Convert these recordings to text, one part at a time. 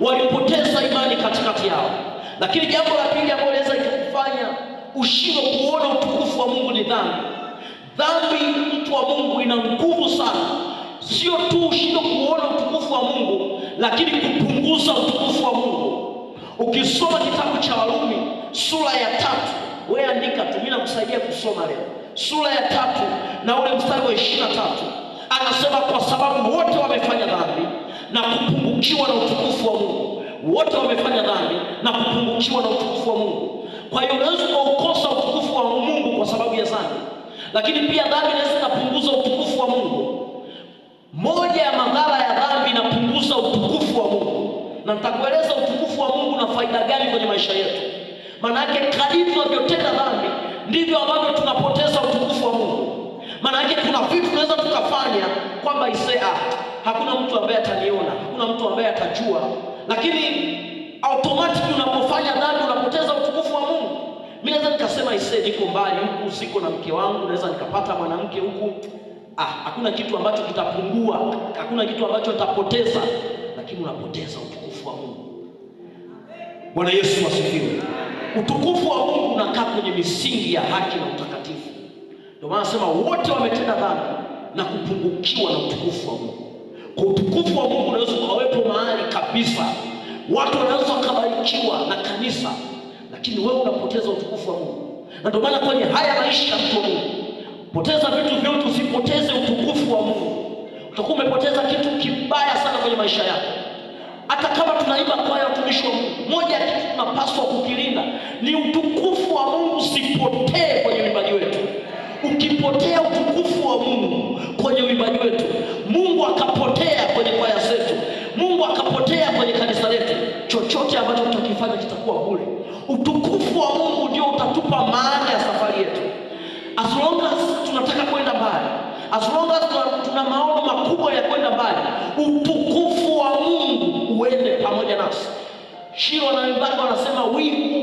walipoteza imani katikati yao. Lakini jambo la pili ambalo linaweza ikakufanya ushindwe kuona utukufu wa Mungu ni dhambi. Dhambi, mtu wa Mungu, ina nguvu sana, sio tu ushindwe kuona utukufu wa Mungu, lakini kupunguza utukufu wa Mungu. Ukisoma kitabu cha Warumi sura ya tatu, wewe andika tu, mimi nakusaidia kusoma leo, sura ya tatu na ule mstari wa ishirini na tatu anasema kwa sababu wote wamefanya dhambi na kupungukiwa na utukufu wa Mungu. Wote wamefanya dhambi na kupungukiwa na utukufu wa Mungu. Kwa hiyo unaweza ukaukosa utukufu wa Mungu kwa sababu ya dhambi, lakini pia dhambi inaweza ikapunguza utukufu wa Mungu. Moja ya madhara ya dhambi inapunguza utukufu wa Mungu, na nitakueleza utukufu wa Mungu na faida gani kwenye maisha yetu. Maana yake kadiri tunavyotenda dhambi ndivyo ambavyo tunapoteza utukufu wa Mungu. Maana yake kuna vitu tunaweza tukafanya kwamba isea, hakuna mtu ambaye ataniona, hakuna mtu ambaye atajua. Lakini automatic unapofanya dhambi unapoteza utukufu wa Mungu. Mimi naweza nikasema isee, niko mbali huku, siko na mke wangu, naweza nikapata mwanamke huku. Ah, hakuna kitu ambacho kitapungua, hakuna kitu ambacho nitapoteza, lakini unapoteza utukufu wa Mungu. Bwana Yesu asifiwe. Utukufu wa Mungu unakaa kwenye misingi ya haki na utakatifu. Ndio maana nasema wote wametenda dhambi na kupungukiwa na utukufu wa Mungu. Kwa utukufu wa Mungu unaweza ukawepo mahali kabisa, watu wanaweza wakabarikiwa na kanisa, lakini wewe unapoteza utukufu wa Mungu. Na ndio maana kwenye haya maisha ya mtu wa Mungu, poteza vitu vyote, usipoteze utukufu wa Mungu. Utakuwa umepoteza kitu kibaya sana kwenye maisha yako. Hata kama tunaimba kwaya utumishi wa Mungu, moja ya kitu tunapaswa kukilinda ni utukufu wa Mungu, usipotee Utukufu wa Mungu ndio utatupa maana ya safari yetu. As long as tunataka kwenda mbali, as long as tuna maono makubwa ya kwenda mbali, utukufu wa Mungu uende pamoja nasi. Shiro na Mbaga wanasema wingu,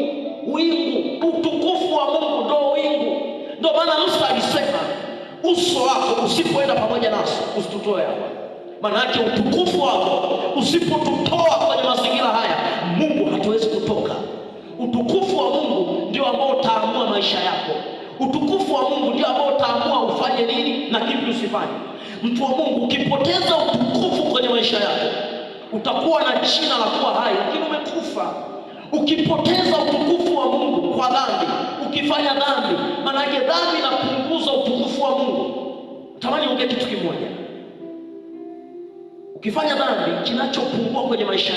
wingu, utukufu wa Mungu ndo wingu. Ndio maana Musa alisema uso wako usipoenda pamoja nasi usitutoe hapa. Maana yake utukufu wako usipotutoa kwenye mazingira haya Utukufu wa Mungu ndio ambao utaamua maisha yako. Utukufu wa Mungu ndio ambao utaamua ufanye nini na kipi usifanye. Mtu wa Mungu, ukipoteza utukufu kwenye maisha yako utakuwa na jina la kuwa hai, lakini umekufa. Ukipoteza utukufu wa Mungu kwa dhambi, ukifanya dhambi, yake dhambi inapunguza utukufu wa Mungu. Tamani ongee kitu kimoja, ukifanya dhambi, kinachopungua kwenye maisha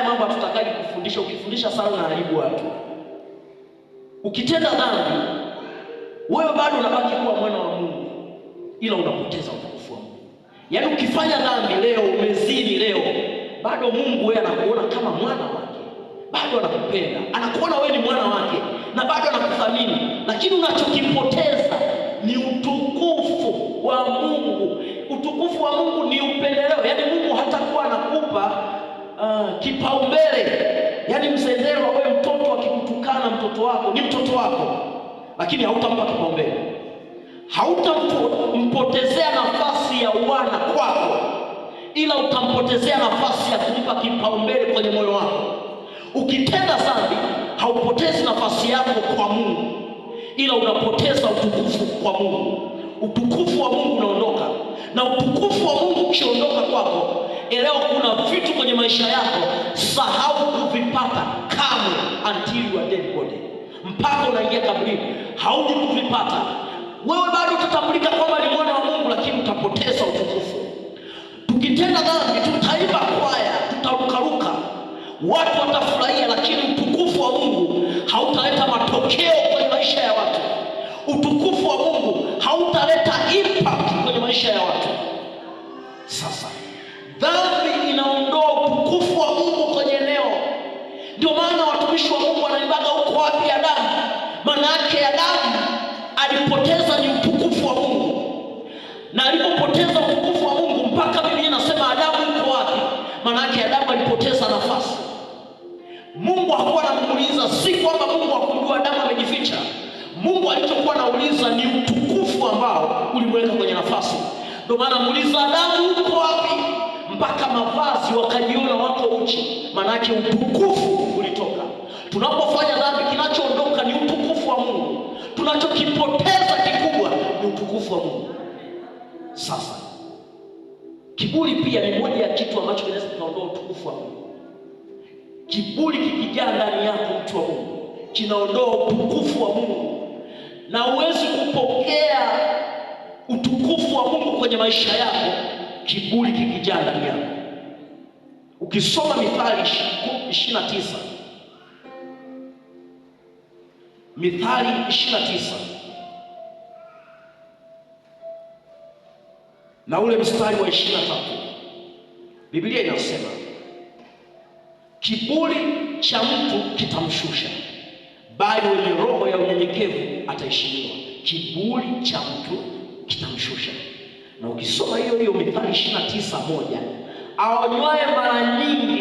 haya mambo hatutakaji kufundisha. Ukifundisha sana unaharibu watu. Ukitenda dhambi, wewe bado unabaki kuwa mwana wa Mungu, ila unapoteza utukufu wa Mungu. Yaani ukifanya dhambi leo, umezini leo, bado Mungu wewe anakuona kama mwana wake, bado anakupenda, anakuona wewe ni mwana wake na bado anakuthamini, lakini unachokipoteza ni utukufu wa Mungu. Utukufu wa Mungu ni upendeleo, yaani Mungu hatakuwa anakupa Ah, kipaumbele. Yaani mzezero, wewe mtoto akikutukana, mtoto wako ni mtoto wako, lakini hautampa kipaumbele, hautampotezea nafasi ya uwana kwako, ila utampotezea nafasi ya kumpa kipaumbele kwenye moyo wako. Ukitenda dhambi haupotezi nafasi yako kwa Mungu, ila unapoteza utukufu kwa Mungu. Utukufu wa Mungu unaondoka, na utukufu wa Mungu ukiondoka kwako Elewa kuna vitu kwenye maisha yako sahau kuvipata kamwe, until you are dead body, mpaka unaingia kabrini hauji kuvipata. Wewe bado utatambulika kwamba ni mwana wa Mungu, lakini utapoteza utukufu. Tukitenda dhambi, tutaiba kwaya, tutarukaruka, watu watafu Ndio maana watumishi wa Mungu wanaibaga huko wapi? Adamu. Maana yake Adamu alipoteza ni utukufu wa Mungu, na alipopoteza utukufu wa Mungu, mpaka Biblia inasema Adamu yuko wapi? Maana yake Adamu alipoteza nafasi. Mungu hakuwa anamuuliza, si kwamba Mungu hakumjua Adamu amejificha. Mungu alichokuwa anauliza ni utukufu ambao ulimweka kwenye nafasi. Ndio maana muuliza Adamu yuko wapi? mpaka mavazi wakajiona wako uchi, maanake utukufu ulitoka. Tunapofanya dhambi, kinachoondoka ni utukufu wa Mungu, tunachokipoteza kikubwa ni utukufu wa Mungu. Sasa kiburi pia ni moja ya kitu ambacho kinaweza kikaondoa utukufu wa Mungu. Kiburi kikijaa ndani yako, mtu wa Mungu, kinaondoa utukufu wa Mungu, na huwezi kupokea utukufu wa Mungu kwenye maisha yako kimejaa ndani yako. Ukisoma Mithali 29, tisa Mithali 29 na ule mstari wa 23, Biblia inasema kiburi cha mtu kitamshusha, bali mwenye roho ya unyenyekevu ataheshimiwa. Kiburi cha mtu kitamshusha na ukisoma hiyo hiyo Mithali ishirini na tisa moja aonywaye mara nyingi